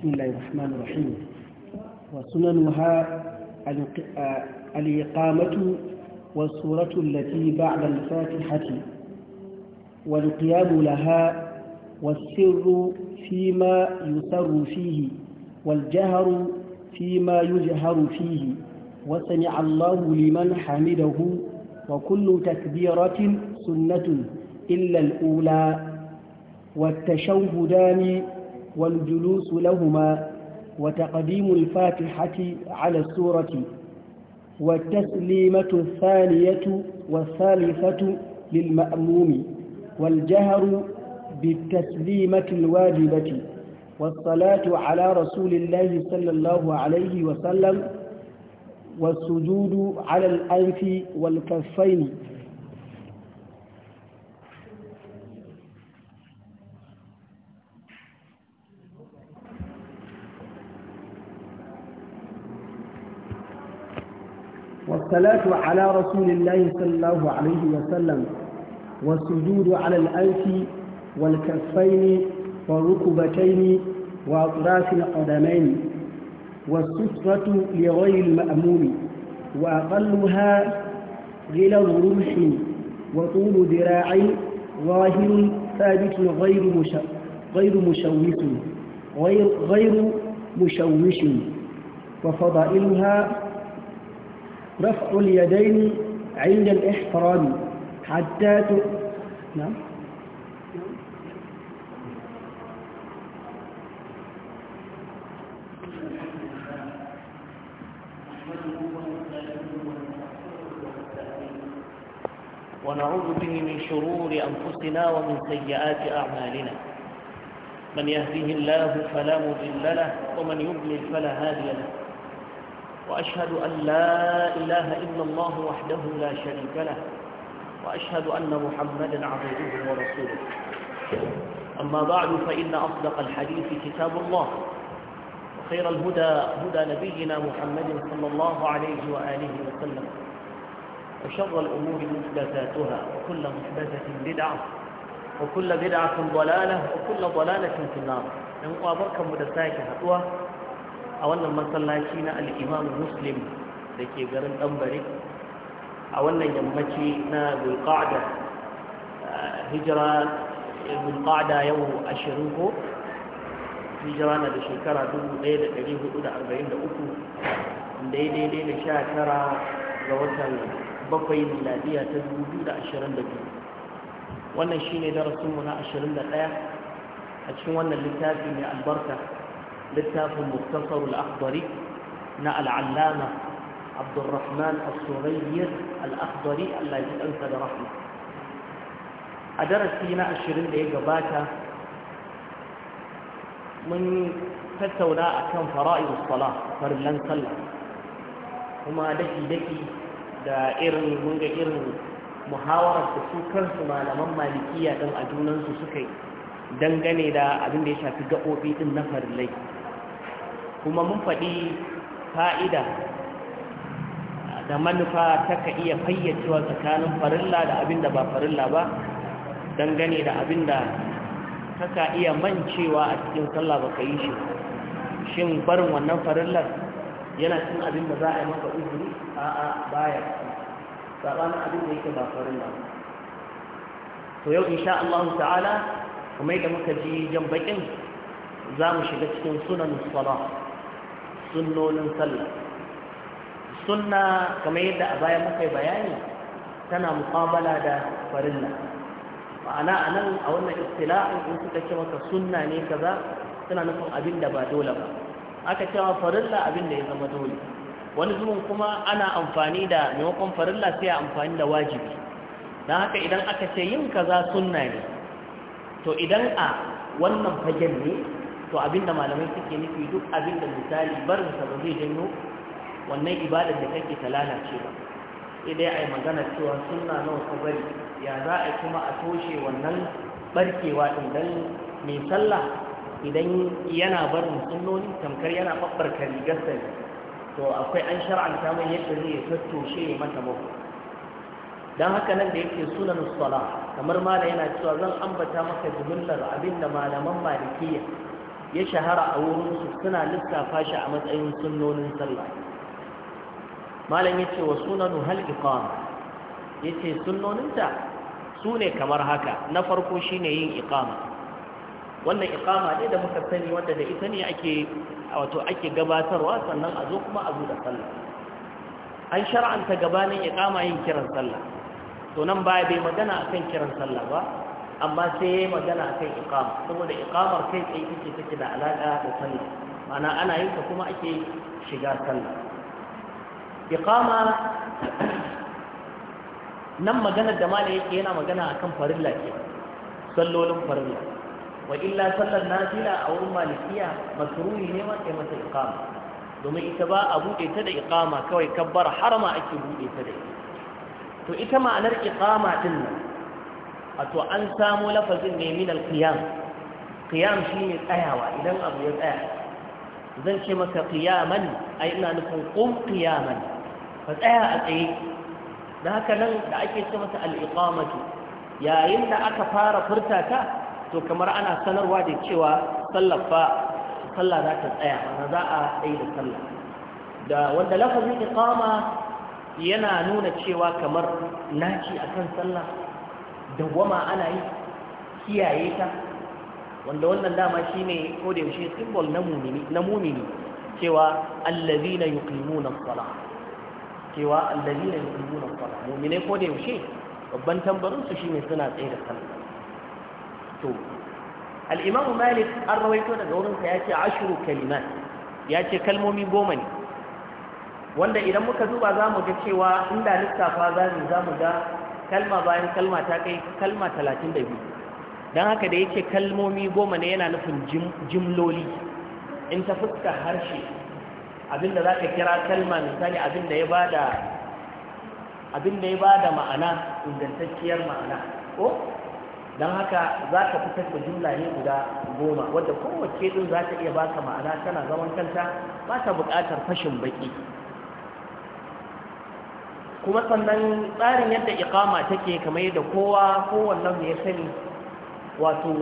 بسم الله الرحمن الرحيم وسننها الإقامة والسورة التي بعد الفاتحة والقيام لها والسر فيما يسر فيه والجهر فيما يجهر فيه وسمع الله لمن حمده وكل تكبيرة سنة إلا الأولى والتشوهدان والجلوس لهما وتقديم الفاتحة على السورة والتسليمة الثانية والثالثة للمأموم والجهر بالتسليمة الواجبة والصلاة على رسول الله صلى الله عليه وسلم والسجود على الأنف والكفين والصلاة على رسول الله صلى الله عليه وسلم والسجود على الأنف والكفين والركبتين وأطراف القدمين والسفرة لغير المأموم وأقلها غلظ رمح وطول ذراع ظاهر ثابت غير غير مشوش غير غير مشوش وفضائلها رفع اليدين عند الإحرام حتى ت... نعم ونعوذ به من شرور أنفسنا ومن سيئات أعمالنا من يهده الله فلا مضل له ومن يضلل فلا هادي له وأشهد أن لا إله إلا الله وحده لا شريك له وأشهد أن محمدا عبده ورسوله أما بعد فإن أصدق الحديث كتاب الله وخير الهدى هدى نبينا محمد صلى الله عليه وآله وسلم وشر الأمور محدثاتها وكل محدثة بدعة وكل بدعة ضلالة وكل ضلالة في النار لأنه نعم، أبركم مدساك هدوه a wannan masallaci na al'imamu muslim da ke garin ɗanbare a wannan yammaci na bulƙa'ada eh, hijira bulƙa'ada eh, yau ashirin ko hijira na da shekara 1443 daidai da sha tara ga watan bakwai miladiya ta 2022 wannan shi ne darasinmu na 21 a cikin wannan littafi mai albarka littafin muktasarul akhdari na al'allama abdurrahman as-surayyir al-akhdari Allah ya da rahma a darasi na ashirin da ya gabata mun tattauna akan fara'idus salah farillan sallah kuma dafi daki da irin mun irin muhawarar da su kansu malaman malikiya don a junansu suka dangane da abin da ya shafi gaɓoɓi ɗin na farillai kuma mun faɗi fa'ida da manufa taka iya fayyacewa tsakanin farilla da abin da ba farilla ba dangane da abin da ta ka iya mancewa a cikin sallah ba ka yi shi shin barin wannan farillar yana cin abin da za a yi maka uzuri a a baya saɓanin abin da yake ba farilla to yau insha Allah ta'ala kuma yadda muka ji jan bakin za mu shiga cikin sunan salah sunnonin sallah sunna kamar yadda a baya muka yi bayani tana muqabala da farilla ma'ana a nan a wannan istila'in in suka ce maka sunna ne kaza suna nufin abin da ba dole ba aka cewa farilla abin da ya zama dole wani zubin kuma ana amfani da maimakon farilla sai amfani da wajibi don haka idan aka ce yin kaza sunna ne to idan a wannan fagen ne to abinda malamai suke nufi duk abinda misali barin sa ba zai janyo wannan ibadar da kake ta lalace ba sai dai a yi magana cewa sunna nawa ka bari ya za a kuma a toshe wannan barkewa din dan mai sallah idan yana barin sunnoni tamkar yana babbarka rigar sa to akwai an shar'anta mai yadda zai tattoshe mata mako dan haka nan da yake sunan sala kamar ma da yana cewa zan ambata maka jumlar abinda malaman malikiya ya shahara a wurinsu suna lissafa shi a matsayin sunnonin sallah malam ya ce wa sunanu hal iqama ya ce sunnoninta su ne kamar haka na farko shine yin iqama wannan iqama ne da muka sani wanda da ita ne ake wato ake gabatarwa sannan a zo kuma a zo da sallah an shar'anta gabanin iqama yin kiran sallah to nan baya bai magana akan kiran sallah ba amma sai ya yi magana a kan iqama saboda iqamar kai tsaye take take da alaƙa da sallah ma'ana ana yin ta kuma ake shiga sallah iqama nan magana da mala yake yana magana akan farilla ke sallolin farilla wa illa sallar nafila a wurin malikiya masruri ne wanda masa iqama domin ita ba a buɗe ta da iqama kawai kabbar harama ake buɗe ta da ita to ita ma'anar iqama din nan Wato an samu lafazin ne min alqiyam qiyam shine tsayawa idan abu ya tsaya zan ce maka qiyaman ai ina nufin qum qiyaman fa tsaya a tsaye da haka nan da ake ce masa al-iqamatu yayin da aka fara furta ta to kamar ana sanarwa da cewa sallafa sallah za ta tsaya na za a tsaye da sallah da wanda lafazin iqama yana nuna cewa kamar naci akan sallah dawwama ana yi kiyaye ta wanda wannan dama shi ne ko da yaushe simbol na mumini cewa allazina yuqimuna as kwala, cewa allazina yuqimuna as-sala mumine ko da yaushe babban tambarinsu su shine suna tsaye da sallah to al malik an rawaito daga wurin sa yace ashru kalimat ce kalmomi goma ne wanda idan muka duba mu ga cewa inda lissafa za mu ga kalma bayan kalma ta kai kalma talatin da biyu don haka da yake kalmomi goma ne yana nufin jimloli in ta fuska harshe abinda za ka kira kalma misali abinda ya ba da ma'ana ingantacciyar ma'ana ko don haka za ka fitar da jumla ne guda goma wadda kowace ɗin za ta iya baka ma'ana tana zaman kanta ba ta buƙatar fashin baki. kuma sannan tsarin yadda ikama take kamar yadda kowa kowannan ya sani wato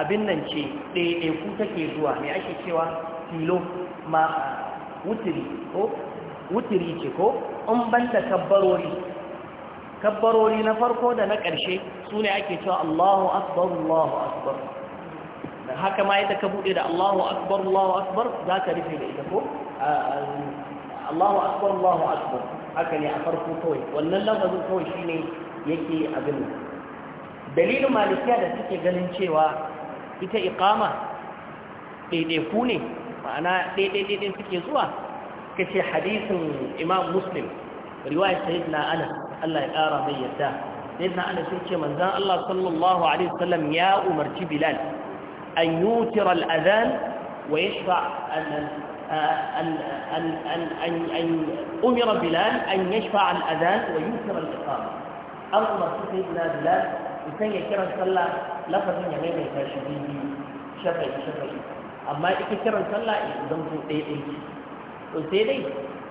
abin nan ce ɗaiɗaiku take zuwa mai ake cewa filo ma wutiri ko wutiri ce ko in banda kabbarori kabbarori na farko da na ƙarshe su ne ake cewa Allahu akbar Allahu akbar haka ma yadda ka buɗe da Allahu akbar Allahu akbar za ka rufe da ita ko Allahu akbar Allahu akbar haka ne a farko kawai wannan lafazin kawai shine yake abin dalilin malikiya da suke ganin cewa ita iqama daidaiku ne ma'ana daidai suke zuwa kace hadisin imam muslim riwaya sayyidina ana Allah ya kara mai yadda sayyidina anas ce manzon Allah sallallahu alaihi wasallam ya umarci bilal an yutira al-adhan wa yashfa' آه، أن أن أمر بلال أن يشفع الأذان ويوثر الإقامة أرض الله سيدنا بلال إنسان يكرا صلى لفظ يمين الكاشفين شفعي شفعي أما يكرا صلى إذن في الإيمان وسيدي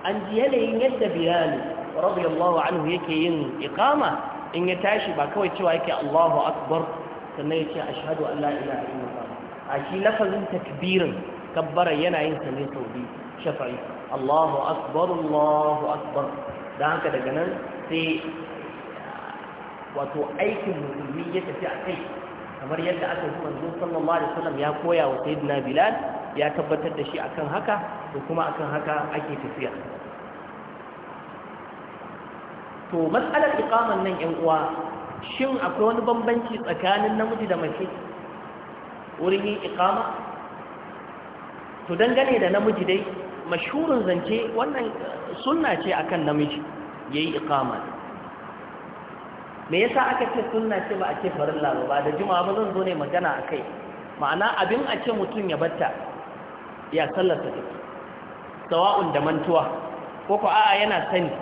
أن جيالي يد بلال رضي الله عنه يكيين إقامة إن يتاشي باكو يتوى الله أكبر سنة أشهد أن لا إله إلا الله أشي لفظ تكبيرا kabbara yana yin sa ne sau biyu shafa'i Allahu akbar Allahu akbar dan haka daga nan sai wato aikin musulmi ya tafi a kai kamar yadda aka yi manzo sallallahu alaihi wasallam ya koya wa sayyidina Bilal ya tabbatar da shi akan haka to kuma akan haka ake tafiya to matsalar iqaman nan yan uwa shin akwai wani bambanci tsakanin namiji da mace wurin yin iqama to dangane da namiji dai mashhurin zance wannan sunna ce akan namiji yayi iqama me yasa aka ce sunna ce ba a ce farilla ba da juma'a ba zan zo ne magana akai ma'ana abin a ce mutum ya batta ya sallarsa take sawa'un da mantuwa ko ko a'a yana sani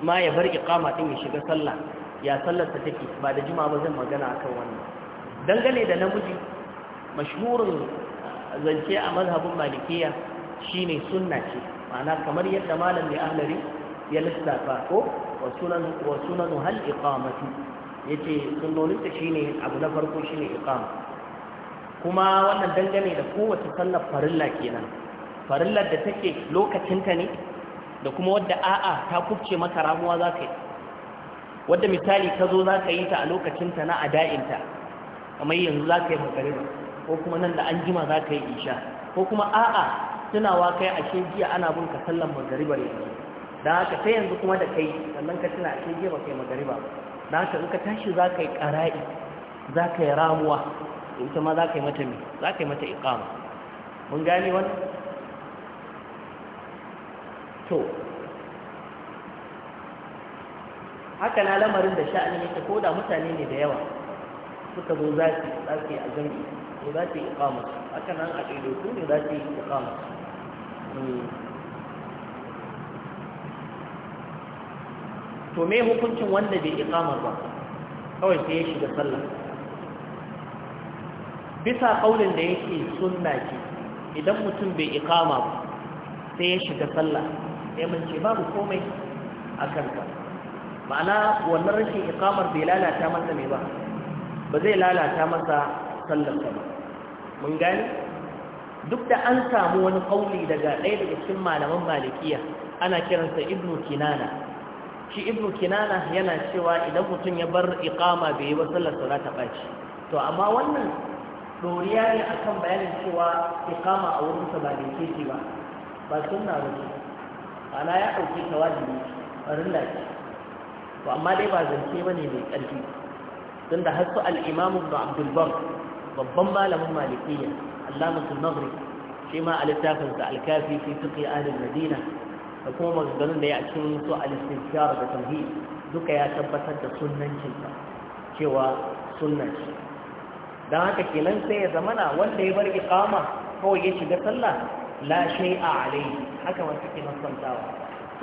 ma ya bar iqama din ya shiga sallah ya sallarsa take ba da juma'a ba zan magana akan wannan dangane da namiji mashhurin zance a mazhabin malikiya shine sunna ce ma'ana kamar yadda malam ne ahlari ya lissafa ko wa sunan wa sunan hal iqamati yace sunnonin ta shine abu na farko shine iqama kuma wannan dangane da kowace sallar farilla kenan farillar da take lokacinta ne da kuma wadda a'a ta kubce maka ramuwa za ka yi wadda misali ka zo za ka yi ta a lokacinta na ta, kamar yanzu za ka yi magariba ko kuma nan da an jima za ka yi isha ko kuma a'a tunawa kai ashe jiya ana bin ka sallan magariba ne da haka sai yanzu kuma da kai sannan ka tuna ashe jiya ba kai magariba da haka in ka tashi za ka yi ƙara'i za ka yi ramuwa ita ma za ka yi mata me za ka yi mata iqama mun gane wani. to haka na lamarin da sha'ani ne ko da mutane ne da yawa suka zo za su a zangi ne za ta yi iqama haka nan a ɗaiɗaiku ne to me hukuncin wanda bai iqama ba kawai sai ya shiga sallah bisa kaulin da yake sunna ce idan mutum bai ikama ba sai ya shiga sallah sai mun ce babu komai a kanka ma'ana wannan rashin ikamar bai lalata masa ne ba ba zai lalata masa sallar ba mun gani duk da an samu wani kauli daga ɗaya daga cikin malaman malikiya ana kiransa ibnu kinana shi ibnu kinana yana cewa idan mutum ya bar iqama bai yi ba sallar sa ta baci to amma wannan doriya ne akan bayanin cewa iqama a wurin sa ba dinke ba ba sunna ba ce ana ya dauke ta wajibi barin lafi to amma dai ba zance ne mai karfi tunda har su al ba ibn abdul babban malamin malikiya allamatul maghrib shi ma a littafin sa alkafi fi fiqh ahli madina da kuma maganganun da ya cikin su al-istishar da tamhid duka ya tabbatar da sunnancin sa cewa sunna ce dan haka kenan sai ya zamana wanda ya bar iqama kawai ya shiga sallah la shay'a alayhi haka wanda ke masantawa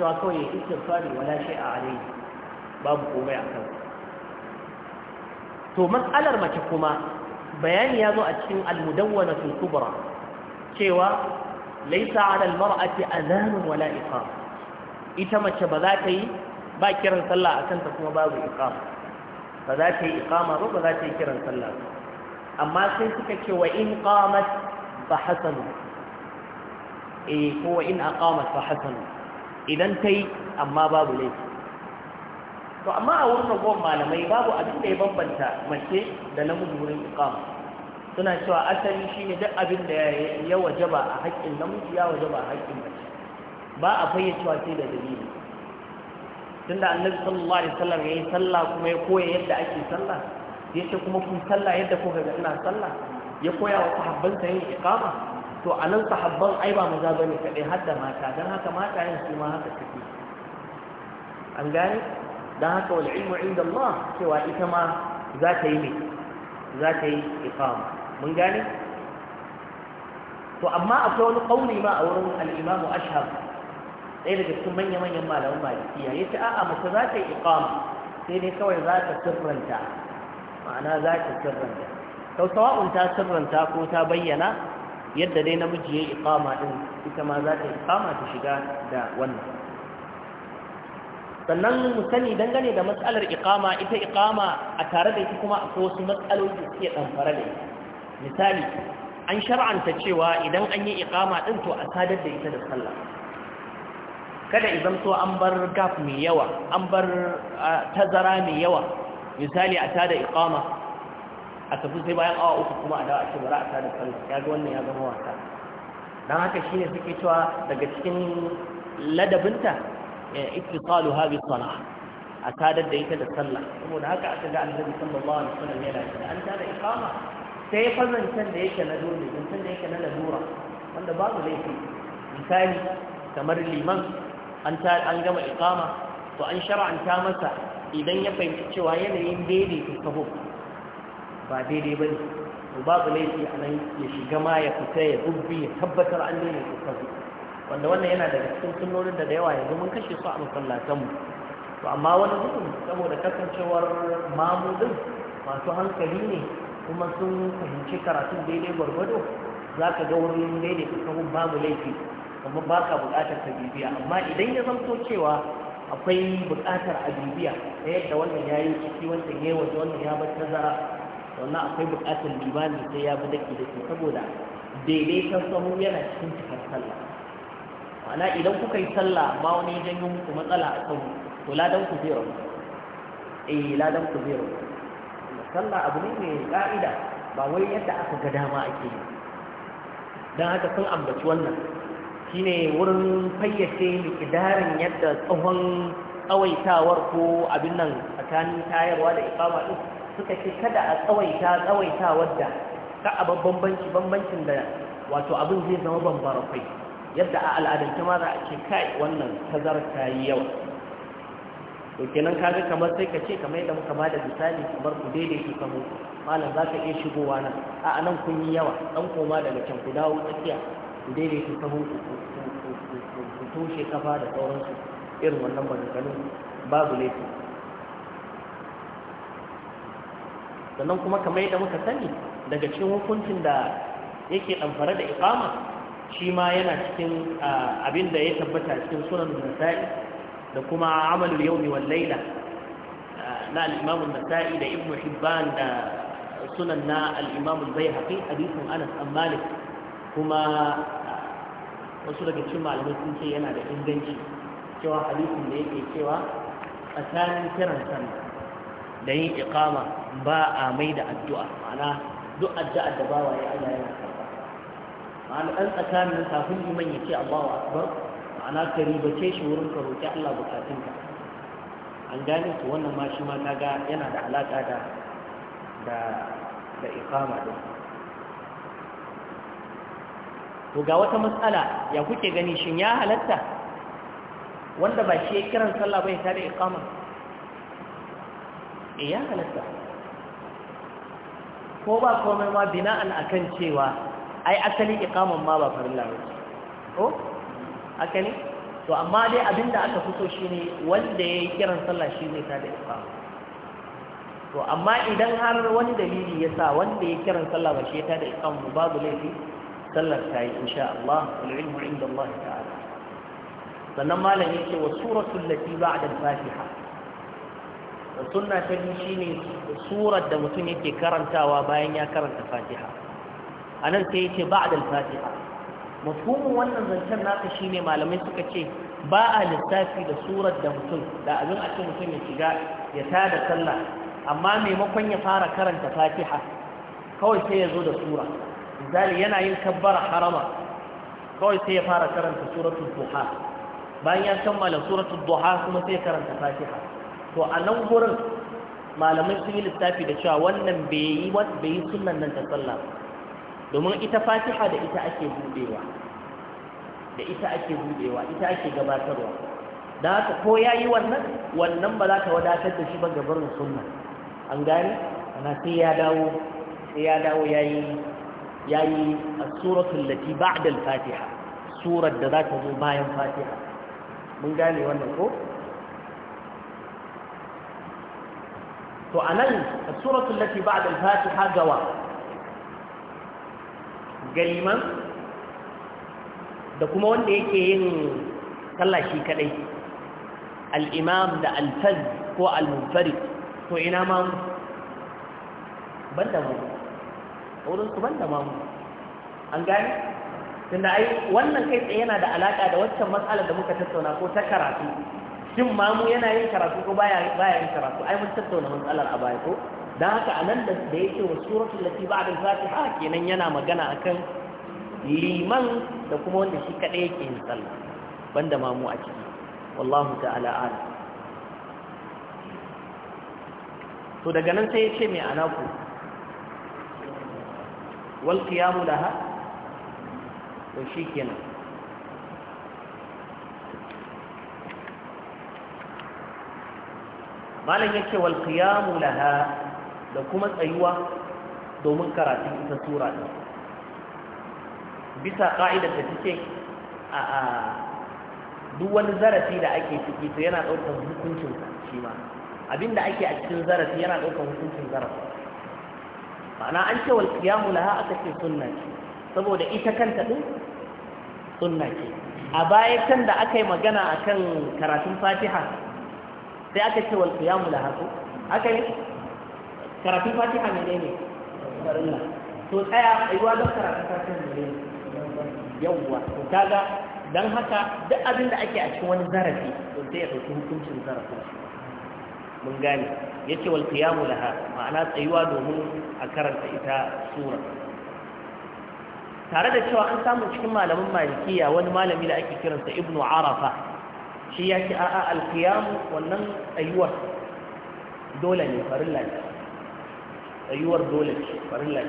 to kawai ya istighfari wala shay'a alayhi babu komai akan to mas'alar mace kuma bayani ya zo a cikin almudawwana fil kubra cewa laisa ala almar'ati adhanun wala iqam ita mace ba za ta yi ba kiran sallah akan ta kuma babu iqam ba za ta yi iqama ba ba za ta yi kiran sallah amma sai suka ce wa in qamat fa hasan eh ko wa in aqamat fa hasan idan ta amma babu laifi to amma a wurin ragowar malamai babu abin da ya bambanta mace da namiji wurin iqama suna cewa asali shine duk abin da ya wajaba a haƙƙin namiji ya wajaba a haƙƙin mace ba a fayyacewa sai da dalili tunda annabi sallallahu alaihi wasallam yayi sallah kuma ya koya yadda ake sallah ce kuma kun sallah yadda kuka ga ina sallah ya koya wa sahabban yin iqama to anan sahabban ai ba maza bane kadai har da mata dan haka mata yin su ma haka take an gane dan haka wal ilmu inda Allah cewa ita ma za ta yi ne za ta yi iqama mun gane to amma akwai wani kauli ma a wurin al-imamu ashhab ɗaya daga cikin manya-manyan malaman malikiya ya ce a'a mace za ta yi iqama sai dai kawai za ta sirranta ma'ana za ta sirranta sau sawa'un ta sirranta ko ta bayyana yadda dai namiji ya yi iqama din ita ma za ta yi iqama ta shiga da wannan sannan mu sani dangane da matsalar iqama ita iqama a tare da ita kuma akwai wasu matsaloli da suke ɗamfara da ita misali an shar'anta cewa idan an yi iqama din to a sadar da ita da sallah kada idan to an bar gaf mai yawa an bar tazara mai yawa misali a sadar iqama a tafi sai bayan awa uku kuma a dawo a ce bara a sadar sallah Ya ga wannan ya zama wasa dan haka shine suke cewa daga cikin ladabinta eh, ittiqalu hadhihi sana'a a sadar da ita da sallah saboda haka aka ga annabi sallallahu alaihi wasallam yana da an sadar iqama sai fa da yake na dole zancen da yake na lalura wanda babu laifi misali kamar liman an gama iqama to an shar'anta masa idan ya fahimci cewa yanayin daidaita kaho ba daidai bane to babu laifi a nan ya shiga ma ya fita ya dubbi ya tabbatar an daidaita kaho wanda wannan yana daga cikin sunnonin da da yawa yanzu mun kashe su a masallatanmu to amma wani mutum saboda kasancewar mamudin masu hankali ne kuma sun fahimci karatun daidai gwargwado za ka ga wurin daidai kawo babu laifi kuma ba ka buƙatar ka bibiya amma idan ya zamto cewa akwai buƙatar a bibiya ta yadda wannan ya yi ciki wancan ya waje wannan ya bar tazara wannan akwai buƙatar limani sai ya bi daki ke saboda daidai daidaiton sahu yana cikin cikar sallah ma'ana idan kuka yi sallah ba wani janyo muku matsala a kan to ladan ku zai rabu eh ladan ku zai rabu sallah abu ne mai ka'ida ba wai yadda aka ga dama ake yi don haka sun ambaci wannan shine wurin fayyace ikidarin yadda tsohon tsawaitawar ko abin nan tsakanin tayarwa da ikama din suka ce kada a tsawaita tsawaitawar da ka abin bambanci bambancin da wato abin zai zama bambara kai yadda a al'adance ma za a ce kai wannan tazar ta yi yawa to kenan kaga kamar sai ka ce kamar yadda muka da misali kamar ku daidaita kamo malam za ka iya shigowa nan a nan kun yi yawa dan koma daga can ku dawo tsakiya ku daidaita kamo ku toshe kafa da sauransu irin wannan maganganun babu laifi sannan kuma kamar yadda muka sani daga cikin hukuncin da yake ɗamfare da iqama shi ma yana cikin ah, abin da ya tabbata cikin sunan nasa'i da kuma amalul yawmi wal layla ah, na al nasai da ibnu hibban da sunan na al-imam al-baihaqi hadithun anas kuma ah, wasu daga cikin malamai sun ce yana da inganci cewa hadisin da yake cewa tsakanin kiran sallah da yin iqama ba a mai da addu'a ma'ana duk addu'a da bawa ya Allah yana karba ma'ana dan tsakanin kafin iman ya ce Allahu akbar ma'ana ka ribace shi wurin ka roƙi Allah bukatunka an gane to wannan ma shi ma kaga yana da alaƙa da da da ikama din to ga wata matsala ya kuke gani shin ya halatta wanda ba shi ya kiran sallah bai ta da ikama eh ya halatta ko ba komai ma bina'an akan cewa ai asali ikaman ma ba farilla ba ko haka ne to amma dai abinda aka fito shine wanda ya yi kiran sallah shi zai tada iqama to amma idan har wani dalili ya sa wanda ya kiran sallah ba shi ya tada iqama babu laifi sallar ta yi insha Allah wal ilmu inda Allah ta'ala sannan malami ce wa suratul lati ba'da al-fatiha da sunna ta biyu shine surar da mutum yake karantawa bayan ya karanta fatiha anan sai yake ba'da al-fatiha mafhumin wannan zancen naka shine malamai suka ce ba a lissafi da surar da mutum da abin a ce mutum ya shiga ya tada sallah amma maimakon ya fara karanta fatiha kawai sai ya zo da sura misali yana yin kabbara harama kawai sai ya fara karanta suratul duha bayan ya kammala suratul duha kuma sai ya karanta fatiha to a nan gurin malamai sun yi lissafi da cewa wannan bai yi sunan nan ta sallah domin ita fatiha da ita ake budewa da ita ake budewa ita ake gabatarwa da haka ko ya yi wannan wannan ba za ka wadatar da shi ba ga barin sunna an gane ana sai ya dawo sai ya dawo yayi yayi as-suratul lati ba'da al-fatiha surar da za ta zo bayan fatiha mun gane wannan ko to anan as-suratul lati ba'da al-fatiha gawa Galiman, da kuma wanda yake yin sallah shi kadai al-imam da al ko al-munfarid to ina ma mu banda mu wurin su banda ma mu an gani tunda ai wannan kai tsaye yana da alaƙa da waccan matsalar da muka tattauna ko ta karatu shin mamu yana yin karatu ko baya yin karatu ai mun tattauna matsalar a baya ko da haka anan da da yake wa suratul lati ba'da al-fatiha kenan yana magana akan liman da kuma wanda shi kadai yake yin sallah banda mamu a ciki wallahu ta'ala a'lam to daga nan sai ya ce ana ku? wal qiyamu laha to shikenan malam yake wal qiyamu laha da kuma tsayuwa domin karatun ita sura ne bisa ƙa'idar da take a duk wani zarafi da ake ciki to yana ɗaukar hukuncin shi ma abinda ake a cikin zarafi yana ɗaukar hukuncin zarafi ma'ana an ce wal qiyamu laha aka ce sunna ce saboda ita kanta ɗin sunna ce a baya kan da aka yi magana akan karatun fatiha sai aka ce wal qiyamu laha ko aka yi karatun fatiha ne ne farilla to tsaya tsayuwa don karatun fatiha ne ne yawwa to kaga don haka duk abin da ake a cikin wani zarafi to sai ya ɗauki hukuncin zarafin mun gane yace wal qiyamu laha ma'ana tsayuwa domin a karanta ita sura tare da cewa an samu cikin malamin malikiya wani malami da ake kiransa ibnu arafa shi ya ce a'a alkiyamu wannan tsayuwar dole ne farin lafiya tsayuwar dole ce farilla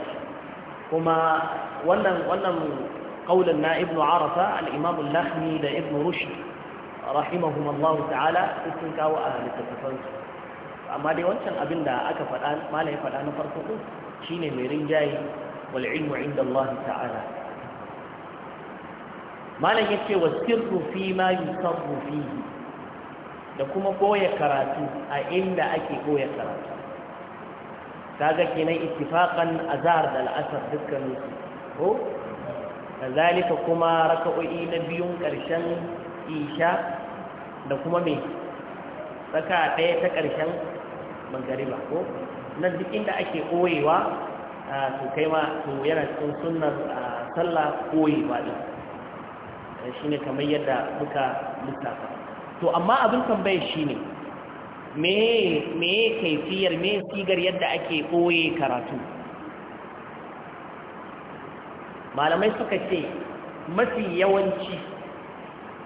kuma wannan wannan kaulin na ibnu arafa al lahmi da ibnu rushd rahimahum Allah ta'ala sun kawo a littattafan su amma dai wancan abin da aka faɗa malai faɗa na farko shine mai rinjaye wal ilmu inda Allah ta'ala malam yace wasirru fi ma yusarru fihi da kuma koya karatu a inda ake koya karatu kaga kenan ittifaqan azhar da al'asr dukkan su ko kazalika kuma raka'o'i na biyun karshen isha da kuma me tsaka ɗaya ta karshen magariba ko nan duk inda ake koyewa to kai ma to yana cikin sunnar sallah koyewa din shine kamar yadda muka lissafa to amma abin tambayar shine me me kaifiyar me sigar yadda ake koye karatu malamai suka ce mafi yawanci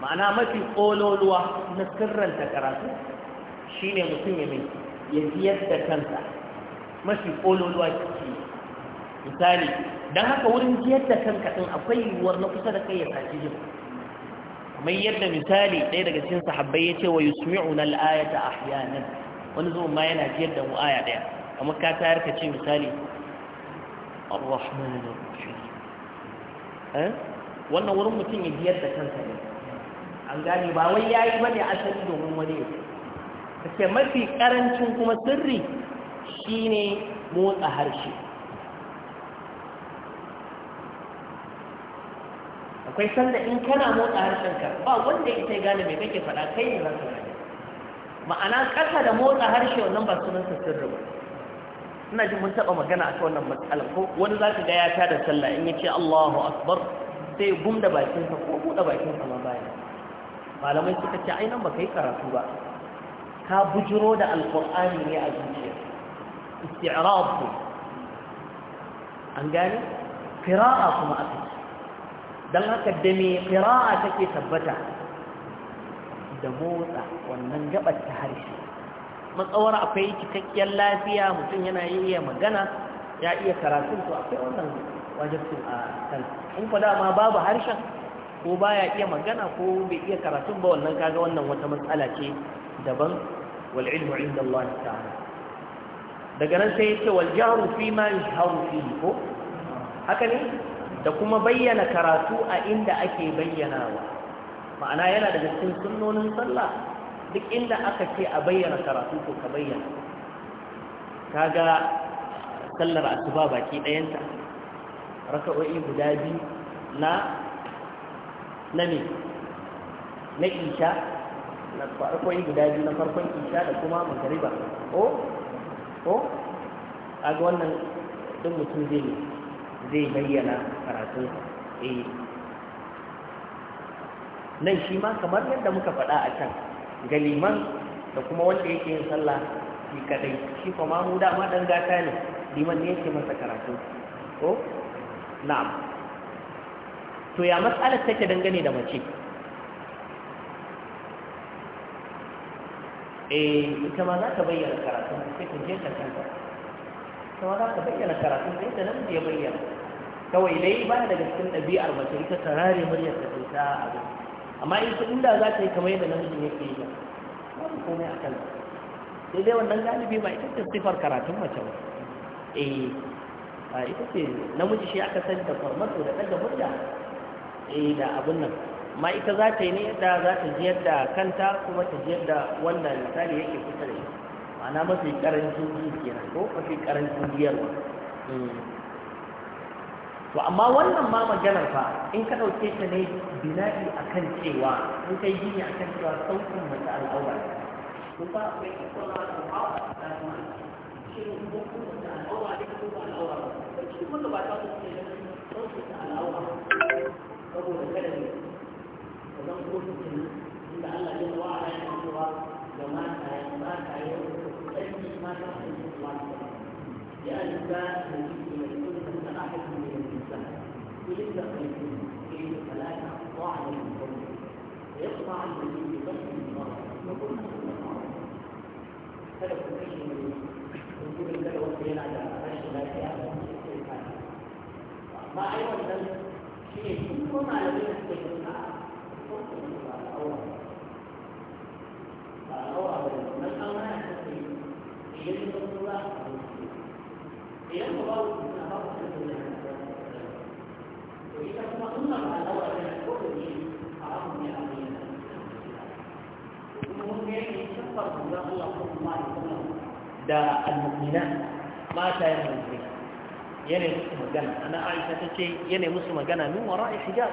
ma'ana mafi ƙololuwa na sirranta karatu shine mutum ya mai ya ziyar da kansa mafi ƙololuwa ce misali don haka wurin ziyar da kanka ɗin akwai yiwuwar na kusa da kai ya saci jiki. kamar yadda misali ɗaya daga cikin sahabbai ya ce wa yi yusmi'una al-ayata ahyanan wani zuwan ma yana jiyar da mu aya ɗaya kamar ka tayar ka ce misali ar-rahman ar-rahim eh? wannan wurin mutum ya biyar da kansa ne an gani ba wai ya yayi bane asali domin wani kace mafi ƙarancin kuma sirri shine motsa harshe akwai sanda in kana motsa harshenka ba wanda ita ya gane mai kake faɗa kai ne za ka gane ma'ana ƙasa da motsa harshe wannan ba sunan sa sirri ba ina jin mun taɓa magana a wannan matsala ko wani za ka ga ya da sallah in ya ce Allahu akbar sai da bakinsa ko buɗe bakinsa ma baya malamai suka ce ai nan ba yi karatu ba ka bujiro da alƙur'ani ne a zuciya isti'rab an gane qira'a kuma aka don haka da mai ƙira'a take tabbata da motsa wannan gabar ta harshe matsawar akwai cikakkiyar lafiya mutum yana iya magana ya iya karatun to akwai wannan wajen a kan in ku ma babu harshen ko baya iya magana ko bai iya karatun ba wannan kaga wannan wata matsala ce daban wal'ilmu ilmu inda Allah ta'ala daga nan sai ya ce wal jahru fi ma yi yashharu fihi ko haka ne da kuma bayyana karatu a inda ake bayyanawa ma'ana yana daga cikin sunnonin sallah duk inda aka ce a bayyana karatu ko ka bayyana kaga sallar asuba baki ɗayanta raka'o'i guda biyu na na ne na isha na farkon guda biyu na farkon isha da kuma magariba o o kaga wannan duk mutum zai ne zai bayyana karatun eh nan shi ma kamar yadda muka faɗa a can ga liman da kuma wanda yake yin sallah shi kadai shi kuma mu dama dan gata ne liman ne yake masa karatu ko na'am to ya matsalar take dangane da mace eh ita ma za ta bayyana karatu sai je ta kanta sau za ka bayyana karatun sai da namiji ya bayyana kawai dai ba daga cikin ɗabi'ar mace ita ta tarare muryar ta sai ta abu amma in ta inda za ta yi kamar yadda namijin yake yi wani komai a kan sai dai wannan galibi ba ita ce sifar karatun mace ba eh a ita ce namiji shi aka sani da farmato da ɗaga murya eh da abin nan Amma ita za ta yi ne yadda za ta ji yadda kanta kuma ta ji yadda wannan misali yake kusa da ita ma'ana mafi karancin ji kenan ko mafi karancin biyarwa to amma wannan ma maganar fa in ka dauke ta ne bina'i akan cewa in kai gini akan cewa sautin mace al'aura ko ba kai ko na da kuma shi ko ko mace al'aura ne ko ba al'aura ba shi kuma ba ta so ne sautin ta al'aura saboda kada ne zan ko tun da Allah ya wa'ala ya cewa ga mata ya da. ما تحصل في الله لأنك من الكل أنت أحد من الإنسان وليس خليفه كيف فلا تقطع عن الكل يقطع عن النبي الله وكل هذا كل شيء من وجود الكلوة على عرش لا يعلم ما أيضا شيء كل ما لدينا في idan ya ba a idan ba ku da ne ne al-mu'mina yana musu magana ana Aisha ta ce yana musu magana min wara'i hijab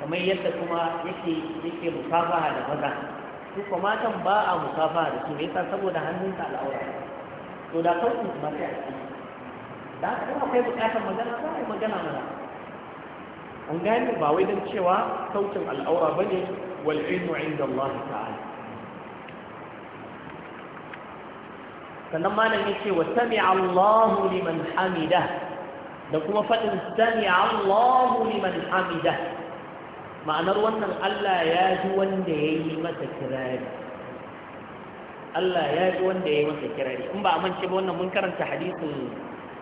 kamar yadda kuma yake yake musafaha da maza su kuma matan ba a musafaha da su ne yasa saboda hannunka al'aura to da sauƙin ba sai a ciki da haka kuma akwai buƙatar magana za a yi magana mana an gani ba wai dan cewa saukin al'aura ba ne wal ilmu inda Allah ta'ala sannan malam ya ce wa sami Allahu liman hamida da kuma faɗin sami Allahu liman hamida ma'anar wannan Allah ya ji wanda ya yi masa kirari Allah ya ji wanda ya yi masa kirari in ba a mance ba wannan mun karanta hadisin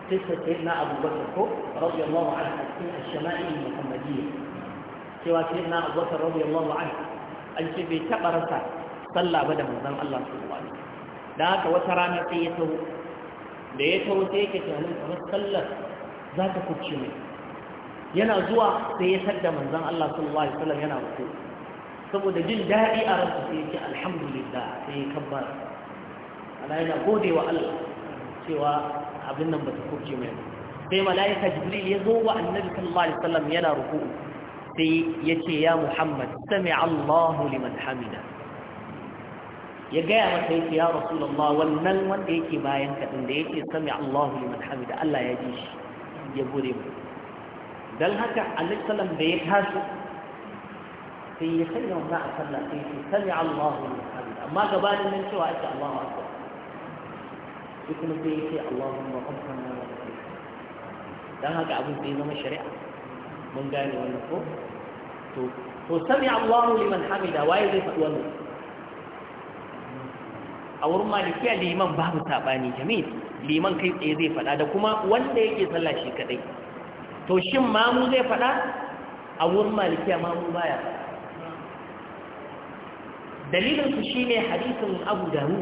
tisra sayyidina Abu Bakar ko radiyallahu anhu a cikin ash-shama'il muhammadiyya cewa sayyidina Abu Bakar radiyallahu anhu an ce bai taɓa rasa sallah ba da manzon Allah sallallahu alaihi Da dan haka wata rana sai ya taho da ya taho sai yake tunanin kamar sallar za ta kucce mai yana zuwa sai ya sadda manzon Allah sallallahu alaihi wasallam yana ruku saboda jin daɗi a ransa sai ya alhamdulillah sai ya kabbar ana yana gode wa Allah cewa abin nan ba ta kurce mai sai mala'ika jibril ya zo wa annabi sallallahu alaihi wasallam yana ruku'u sai yace ya muhammad sami allahu liman hamida ya gaya masa yake ya rasulullah wannan wanda yake bayan kaɗin da yake sami allahu liman hamida allah ya ji shi ya gode mu dan haka annabi sallam da ya tashi sai ya kai yau za a sallah sai ya sami Allahu min hamid amma gabanin nan cewa ake Allahu akbar sai kuma sai ya ce Allah Allahumma rabbana wa lakal dan haka abin sai zama shari'a mun gane wannan ko to to sami Allahu liman hamida waye zai faɗi wannan a wurin malikiya liman babu sabani jami'i liman kai tsaye zai faɗa da kuma wanda yake sallah shi kadai to shin mamu zai faɗa a wurin malikiya mamu baya dalilin su shine hadisin Abu Dawud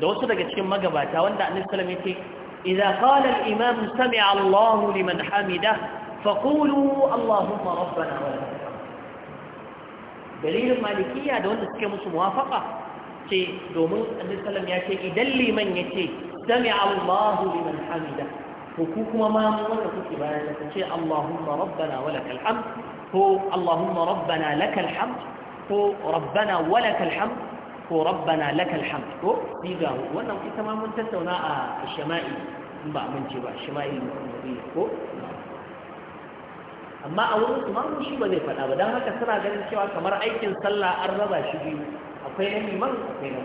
da wasu daga cikin magabata wanda Annabi sallallahu alaihi wasallam yake idza qala imam sami'a Allahu liman hamida faqulu Allahumma rabbana wa lakal dalilin malikiya da wanda suke musu muwafaqa ce domin Annabi sallallahu ya ce idan liman ya ce sami Allahu liman hamida ko ku kuma ma wanda kuke bayan ka ce Allahumma rabbana wa lakal hamd ko Allahumma rabbana lakal hamd ko rabbana walakal hamd ko rabbana lakal hamd ko diga wannan ita ma mun tattauna a shama'i in ba mun ce ba shama'i ko amma a wurin su mamu shi ba zai faɗa ba don haka suna ganin cewa kamar aikin sallah an raba shi biyu akwai na liman akwai na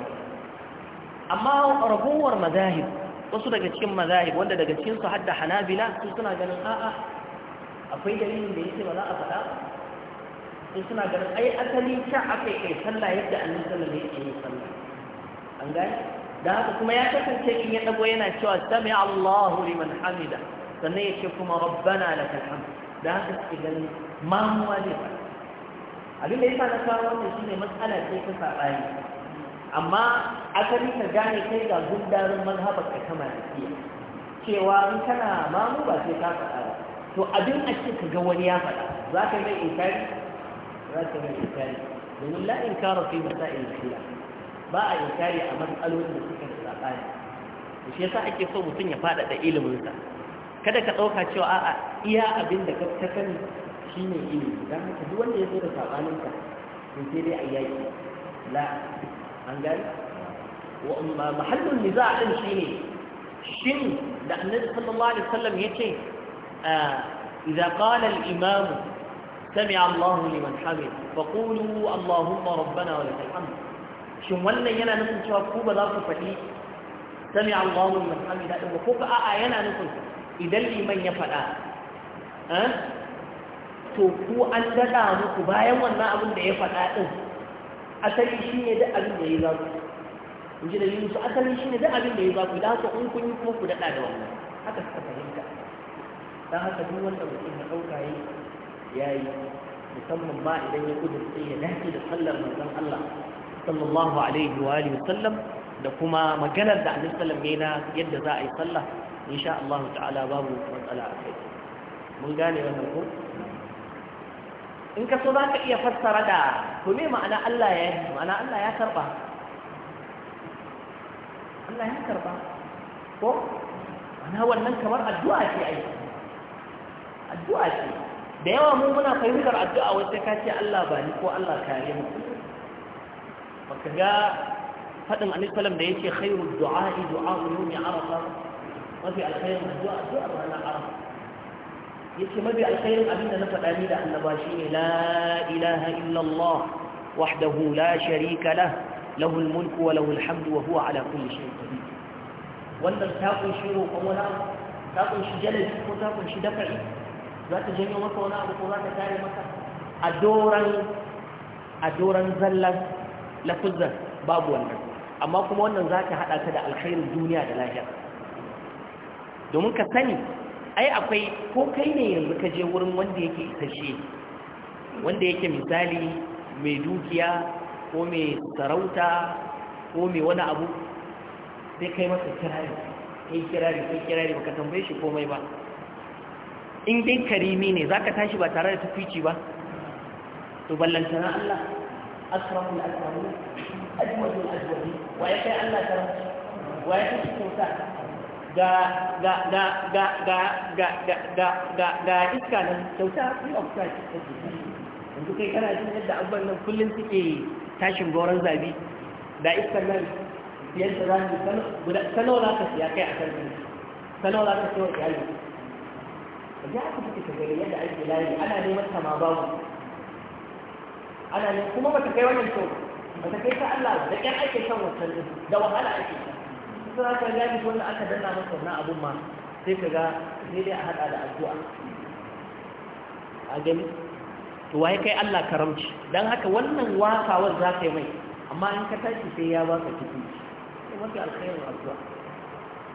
amma ragowar mazahib wasu daga cikin mazahib wanda daga cikin su hadda hanabila su suna ganin a'a akwai dalilin da yake ba za a faɗa sai suna ganin ai asali ta aka kai sallah yadda annabi sallallahu alaihi wasallam yake sallah an gani da haka kuma ya kasance in ya dago yana cewa sami Allahu liman hamida sannan ya ce kuma rabbana lakal hamd da haka suke ganin mamuwa ne ba abin da yasa na kawo wannan shine matsala ce ta sabani amma asali ka gane kai ga gundarin mazhabar ka ta malikiya cewa in kana mamu ba sai ka faɗa to abin a ce ka ga wani ya faɗa za ka mai inkari za ta yi inkari domin la inkara fi masa'il khilaf ba a inkari a matsalolin da suka da sabani shi yasa ake so mutum ya faɗaɗa ilimin sa kada ka ɗauka cewa a'a iya abin da ka sani shine ilimi dan haka duk wanda ya zo da sabanin ka dai a yaki la an gani yace al-imam سمع الله لمن حمد فقولوا اللهم ربنا ولك الحمد shin wannan yana nufin cewa ku ba za ku faɗi sami Allahu liman hamida din ko ka a'a yana nufin idan liman ya faɗa to ku an daɗa muku bayan wannan abin da ya faɗa ɗin, asali shine duk abin da ya za ku in ji da Yunus asali shine duk abin da ya za ku da haka in kun yi kuma ku daɗa da wannan haka suka fahimta dan haka duk wanda mutum ya ɗauka yi ya yi musamman ba idan ya kudu sai ya dace da sallar manzon Allah sallallahu alaihi wa alihi sallam da kuma maganar da annabi sallam ne na yadda za a yi sallah insha Allah ta'ala babu matsala a kai mun gane wannan ko in ka so za ka iya fassara da to me ma'ana Allah ya ma'ana Allah ya karba Allah ya karba ko ma'ana wannan kamar addu'a ce ai addu'a ce da yawa mun muna fahimtar addu'a wata ka ce Allah ba ni ko Allah kare mu ba ka ga fadin annabi sallam da yake khairu du'a du'a yawmi arafa mafi alkhairin addu'a addu'a ranar arafa yace mafi alkhairin abinda na faɗa ni da annaba shine la ilaha illa Allah wahdahu la sharika lah له الملك وله الحمد وهو على كل شيء قدير shay'in qadir wannan ta kunshi roƙon wani ta za ta janyo maka wani abu ko za ta kare maka a doran a doron zallar babu wannan amma kuma wannan za ta haɗa ta da alkhairin duniya da lahiyar domin ka sani ai akwai ko kai ne yanzu ka je wurin wanda yake isashe wanda yake misali mai dukiya ko mai sarauta ko mai wani abu sai kai masa kirari kai kirari kai kirari baka tambaye shi komai ba in dai karimi ne za ka tashi ba tare da tafici ba to na Allah asrafin asrafin ajwajin ajwaji wa ya kai Allah tara wa ya kai kyauta ga ga ga ga ga ga ga ga ga ga iska nan kyauta free of charge yanzu kai kana jin yadda abubuwan nan kullum suke tashin goron zabi da iskar nan yadda za yi sanawa za ka siya kai a kan sanawa za ka siya wa iyali za ka fi ka gari yadda ake layi ana neman ta ma babu ana ne kuma ba ta kai wannan kyau ba ta kai ta Allah da ƴan ake son wancan din da wahala ake shan sun aka gani wannan aka danna masa wannan abun ma sai ka ga sai dai a haɗa da addu'a a gani to waye kai Allah karamci dan haka wannan wasawar za ka yi mai amma in ka tashi sai ya baka ciki sai mafi alkhairin addu'a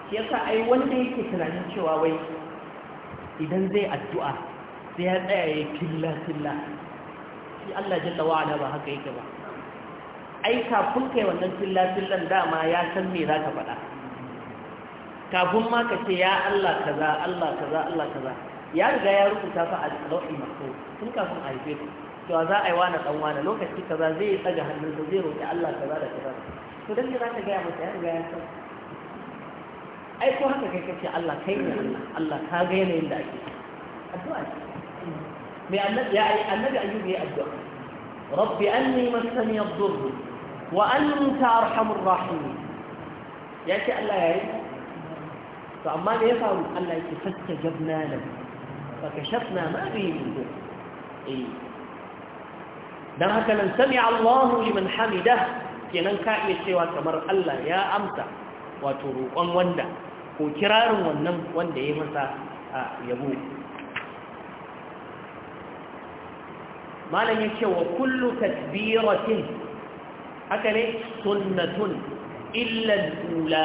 shi yasa ai wanda yake tunanin cewa wai idan zai addu'a sai ya tsaya ya killa killa shi Allah jalla wa ala ba haka yake ba ai kafin kai wannan killa killan dama ya san me za ka faɗa kafin ma ka ce ya Allah kaza Allah kaza Allah kaza ya riga ya rubuta fa a lauhi mahfuz tun kafin a haife ku to za a yi wani dan wani lokaci kaza zai tsaga da zai roƙi Allah kaza da kaza to dan ne za ka gaya masa ya riga ya san ai ko haka kai kace Allah kai ne Allah Allah ka ga yanayin da ake addu'a mai annabi ya ai annabi ayyubi ya addu'a rabbi anni massani ad-durr wa anta arhamur rahimin yace Allah ya yi to amma me ya faru Allah yake fatta jabna nan fa kashafna ma bihi min dur eh dan haka nan sami Allahu liman hamidah kenan ka iya cewa kamar Allah ya amsa wato roƙon wanda ko kirarin wannan wanda ya masa a yabo malam ya ce wa kullu tasbiratin haka ne sunnatun illan ula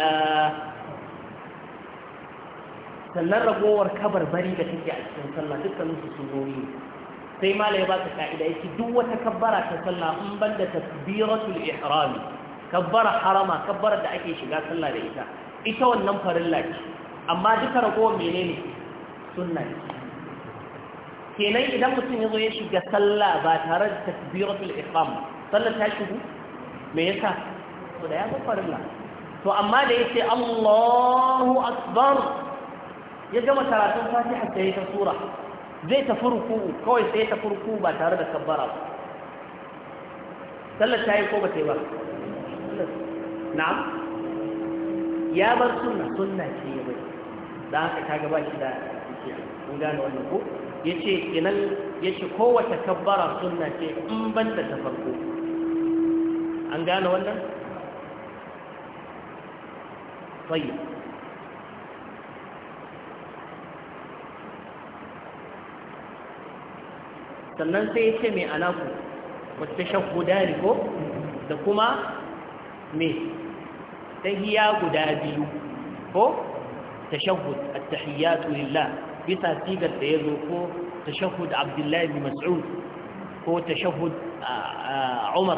sannan ragowar kabarbari da take a cikin sallah dukkanin su sunoni sai mala ya ba ka ka'ida yake duk wata kabbara ta sallah in banda tasbiratul ihrami kabbara harama kabbara da ake shiga sallah da ita ita wannan farin ce amma duka ragowar menene sunna ne kenan idan mutum ya zo ya shiga sallah ba tare da takbiratul ihram sallar ta shigo me yasa to da ya farin farilla to amma da ya yace Allahu akbar ya gama karatun Fatiha sai ta sura zai tafi ruku'u kawai sai ta ruku'u ba tare da kabbara ba sallar ta yi ko ba ta yi ba na'am ya bar sunna sunna ce ya bai da aka ta gaba shi da mun gane wannan ko yace kinan yace kowace kabbara sunna ce in ban da ta farko an gane wannan tayyib sannan sai yace mai alaku wata dari ko da kuma me تهيا قدا هو تشهد التحيات لله بترتيب التيزو هو تشهد عبد الله بن مسعود هو تشهد آه، آه، عمر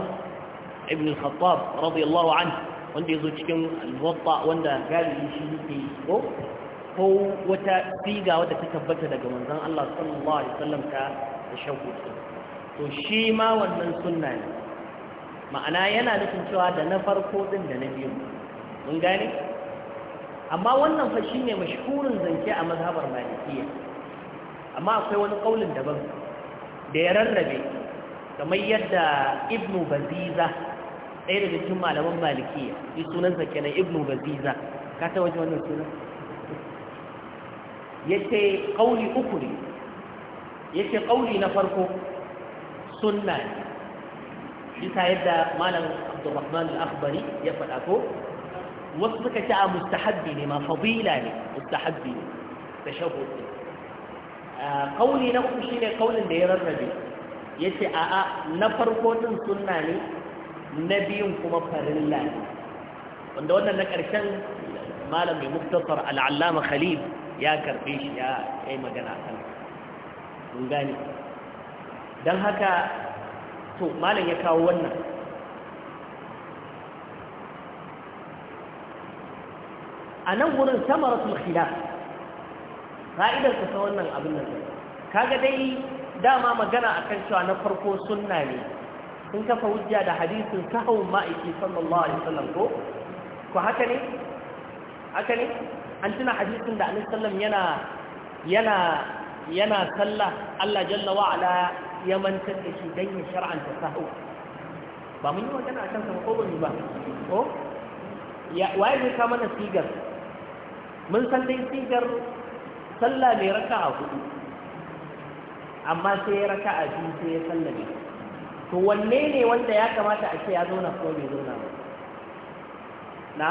ابن الخطاب رضي الله عنه وانده يزو تشكين الوطا وانده قال يشيكي هو هو وتأثيقا وتتكبتا لك منذان الله صلى الله عليه وسلم كتشهد وشيما وانده سنة معناه ينا لكم شو نفر كودن لنبيه mun gane amma wannan fa shine mashhurin zance a mazhabar malikiyya amma akwai wani kaulin daban da ya rarrabe kamar yadda ibnu baziza ɗaya daga cikin malaman malikiyya shi sunansa kenan ibnu baziza ka ta waje wannan sunan yace kauli uku ne yace kauli na farko sunna ne ta yadda malam abdurrahman al-akhbari ya faɗa ko wasu suka ce a mustahabbi ne ma fadila ne mustahabbi ne da shahudi kauli na uku shine kaulin da ya rarrabe ya ce a'a na farko din sunna ne na biyun kuma farilla ne wanda wannan na ƙarshen malam mai muktasar al'allama khalil ya karɓe shi ya yi magana kan mun gane don haka to malam ya kawo wannan a nan wurin samaratul khilaf ka'idar ka ta wannan abin nan kaga dai dama magana a akan cewa na farko sunna ne sun kafa hujja da hadisin sahun ma'aiki sallallahu alaihi wasallam ko ko haka ne haka ne an tuna hadisin da annabi sallam yana yana yana sallah Allah jalla wa ala ya mantar da shi dan ya shar'anta sahu ba mun yi magana akan sa ko ba ni ba ko ya waye ne ka mana sigar mun san dai sigar sallah mai raka a hudu amma sai ya raka a biyu sai ya sallame to wanne ne wanda ya kamata a ce ya zauna ko mai zauna ba na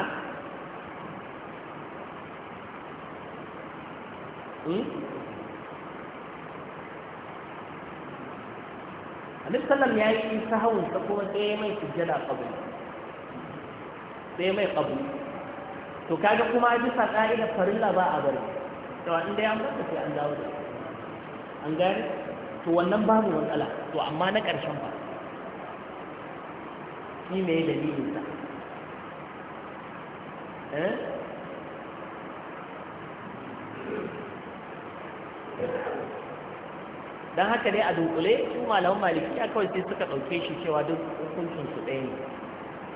hmm? Annabi sallam ya yi sahawun ta kuma sai mai sujjada kabu sai mai kabu to kaga kuma bisa ka'idar farilla ba a bari to in dai an barka sai an dawo da an gane to wannan babu matsala to amma na ƙarshen ba shi me dalilin sa eh don haka ne a dunkule su malaman maliki ya kawai sai suka ɗauke shi cewa duk hukuncin su ɗaya ne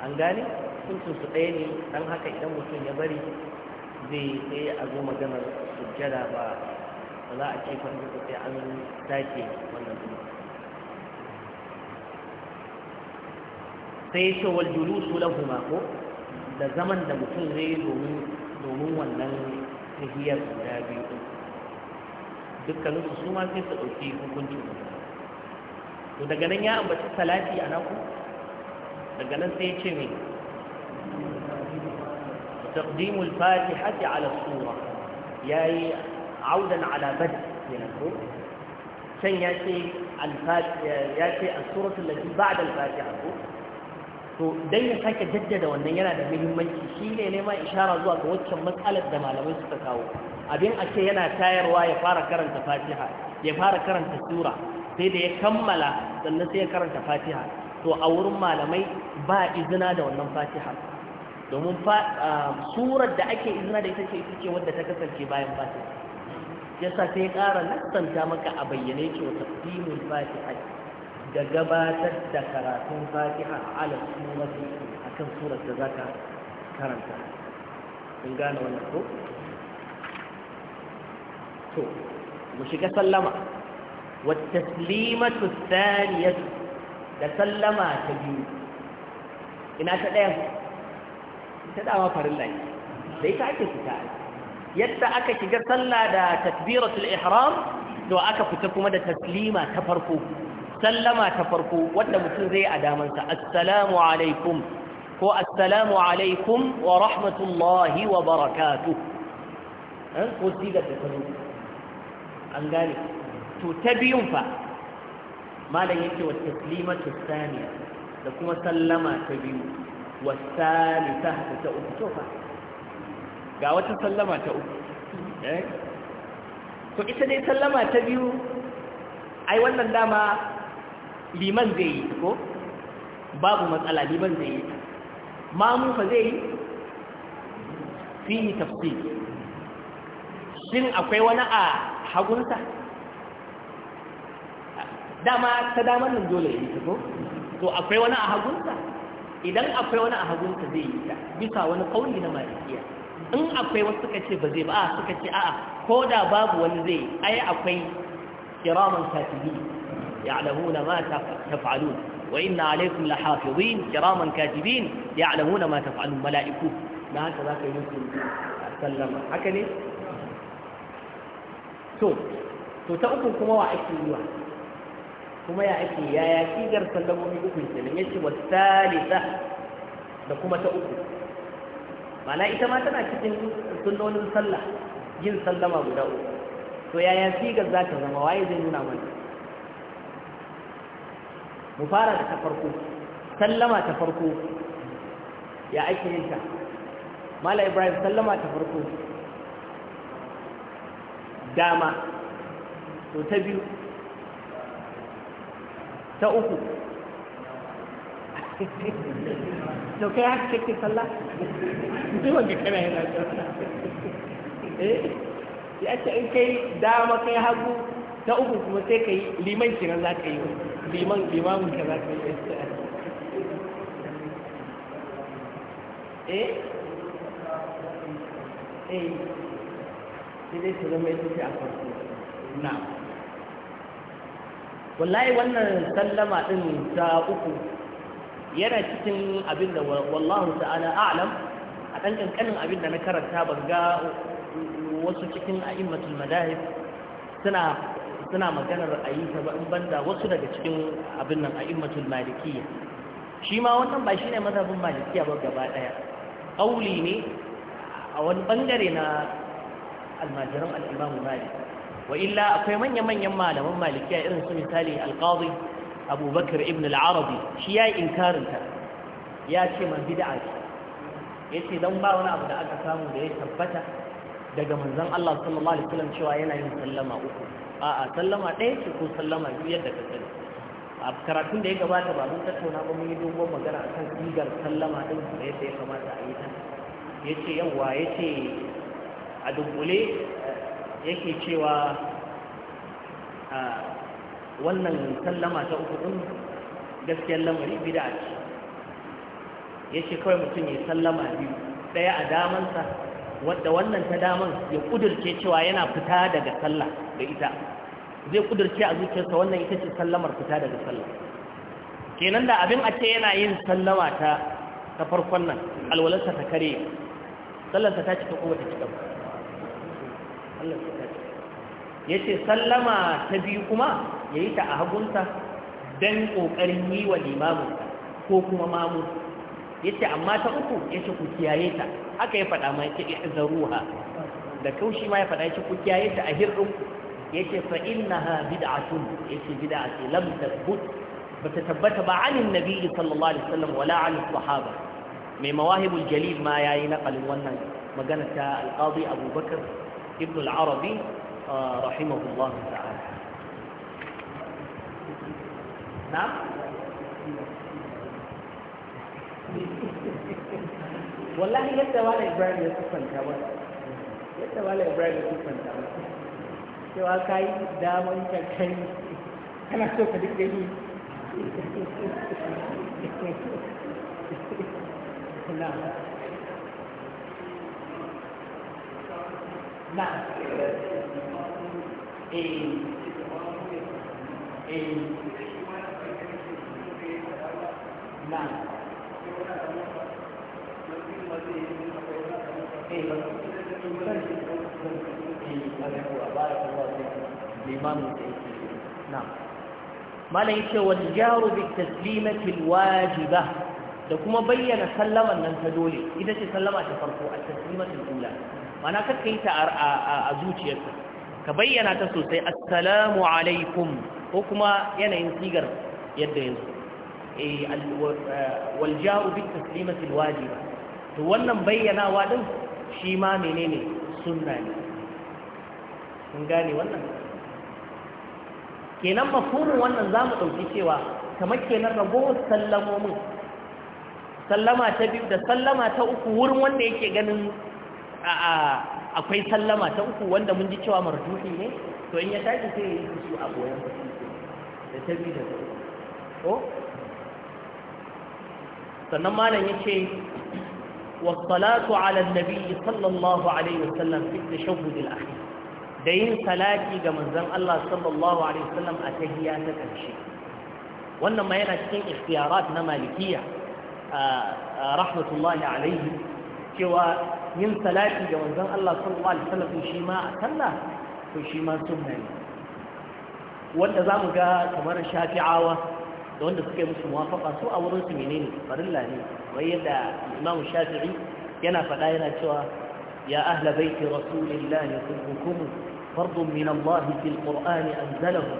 an gane hukuncin su ɗaya ne don haka idan mutum ya bari zai sai a zo maganar sujjada ba ba za a ce kwanci sai an sake wannan zuwa sai ce wal su lahuma ko da zaman da mutum zai domin domin wannan tahiyar guda biyu dukkanin su ma sai su ɗauki hukuncin mutum to daga nan ya ambaci salati a naku daga nan sai ya ce mai تقديم الفاتحة على الصورة ياي عودا على بدء ينكو شن ياتي الفاتحة ياتي الصورة التي بعد الفاتحة to dai ya sake jaddada wannan yana da muhimmanci shi ne nema ishara zuwa ga waccan matsalar da malamai suka kawo abin a ce yana tayarwa ya fara karanta fatiha ya fara karanta sura sai da ya kammala sannan sai ya karanta fatiha to a wurin malamai ba izina da wannan fatiha domin surar da ake izina da ita ce ita ce wadda ta kasance bayan fatiha sa sai ƙara lantanta maka a bayyane ce wata taqdimul fatiha da gabatar da karatun fatiha ala surati akan surar da zaka karanta kun gane wannan ko to mu shiga sallama wa taslimatu thaniyatu da sallama ta biyu ina ta ɗaya ta dama farilla ake fita yadda aka shiga sallah da takbiratul ihram to aka fita kuma da taslima ta farko sallama ta farko wanda mutum zai a damansa assalamu alaikum ko assalamu alaikum wa rahmatullahi wa barakatuh ko da an gane to ta biyun fa malam yake wa taslimatu da kuma sallama ta biyu wasalisa ta uku to fa ga wata sallama ta uku eh to ita dai sallama ta biyu ai wannan dama liman zai yi ko babu matsala liman zai yi mamu fa zai yi fihi tafsir shin akwai wani a hagunsa dama ta damar nan dole ya yi ko to akwai wani a hagunsa idan akwai wani a hagunka zai yi ta bisa wani kauli na malikiya in akwai wasu suka ce ba zai ba a, suka ce a'a ko da babu wani zai ai akwai kiraman katibi ya'lamuna ma taf'alun wa inna alaykum lahafizin kiraman katibin Ya ya'lamuna ma taf'alun mala'iku dan haka ka yi musu sallama haka ne to to ta uku kuma wa ake yi wa kuma ya ake yaya sigar sallamomi uku kenan ya ce wasu da kuma ta uku mana ita ma tana cikin sunnonin sallah yin sallama guda uku to yaya sigar za ta zama waye zai nuna mana mu fara da ta farko sallama ta farko ya ake yin ta mala ibrahim sallama ta farko dama to ta biyu ta uku to kai haka kake sallah sai wanda kana yana eh ya ce in kai dama kai hagu ta uku kuma sai kai liman kiran za ka yi liman liman ka za ka yi eh eh sai dai su zama yake a farko na'am wallahi wannan sallama din ta uku yana cikin abin da wallahu ta'ala a'lam a ɗan ƙanƙanin abin da na karanta ban ga wasu cikin a'immatul madahib suna suna maganar a yi ta ba in banda wasu daga cikin abin nan a'immatul malikiyya shi ma wannan ba shine mazhabin malikiyya ba gaba ɗaya ƙauli ne a wani bangare na almajiran al-imamu malik wa illa akwai manya-manyan malaman a irin su misali alƙazi abubakar ibn al shi ya yi inkarinta ya ce man bid'a ce ya ce don ba wani abu da aka samu da ya tabbata daga manzon Allah sallallahu alaihi wasallam cewa yana yin sallama uku a'a sallama ɗaya ce ko sallama biyu yadda ka sani a karatun da ya gabata ba mun tattauna ba mun yi dogon magana akan sigar sallama din da yadda ya kamata a yi ta yace yawa yace a dubbule yake cewa a wannan sallama ta uku ɗin gaskiyar lamari bida ce ya ce kawai mutum ya sallama biyu ɗaya a damansa wadda wannan ta daman ya ƙudurce cewa yana fita daga sallah da ita zai ƙudurce a zuciyarsa wannan ita ce sallamar fita daga sallah kenan da abin a ce yana yin sallama ta ta farkon nan alwalarsa ta kare sallarsa ta cika kowace cika Allah ya ce sallama ta biyu kuma ya yi ta a hagunta don ƙoƙarin yi wa limaminsa ko kuma mamu ya ce amma ta uku ya ce ku kiyaye ta haka ya faɗa ma ya ce zaruha da kaushi ma ya faɗa ya ce ku kiyaye ta a hirɗin ya ce fa'in na ha bid'atun ya ce bid'a ce lam ba ta tabbata ba anin nabi sallallahu alaihi wasallam wala an sahaba mai mawahibul jalil ma yayi naqalin wannan magana ta alqadi abubakar ibn al-arabi رحمه الله تعالى نعم والله يدى ولا إبراهيم يا كوان يدى ولا إبراهيم يا كوان سوى كاي دامون كاي أنا سوف أدكي نعم نعم. إيه. إيه. نعم. إيه. نعم ما ليس والجار بالتسليمة الواجبة لكم بيّن سلما أن تدولي إذا تسلمت فرقوا التسليمة الأولى mana kakka yi ta a zuciyarsa ka bayyana ta sosai assalamu alaikum ko kuma yanayin sigar yadda ya zo eh, eh, waljaru bi taslimatul wajiba to wannan bayyanawa din shi ma menene sunna ne kun gane wannan kenan mafhumin wannan zamu dauki cewa kamar kenan sallamo mun sallama ta biyu da sallama ta uku wurin wanda yake ganin akwai sallama ta uku wanda mun ji cewa marjuhi ne to in ya tashi sai ya yi su a goyon da ta biyu da ta ko sannan malam ya ce wasalatu ala nabi sallallahu alaihi wasallam fi tashahhud al-akhir da yin salati ga manzon Allah sallallahu alaihi wasallam a tahiyya ta karshe wannan ma yana cikin ikhtiyarat na malikiya rahmatullahi alaihi cewa yin salati ga wanzan Allah sallallahu alaihi wasallam shi ma a sallah to shi ma sunna ne wanda za mu ga kamar shafi'awa da wanda suke yi musu muwafaka su a wurin su menene farilla ne wai yadda imamu shafi'i yana faɗa yana cewa ya ahla baiti rasulillahi kullukum fardun min Allah fil qur'ani anzalahu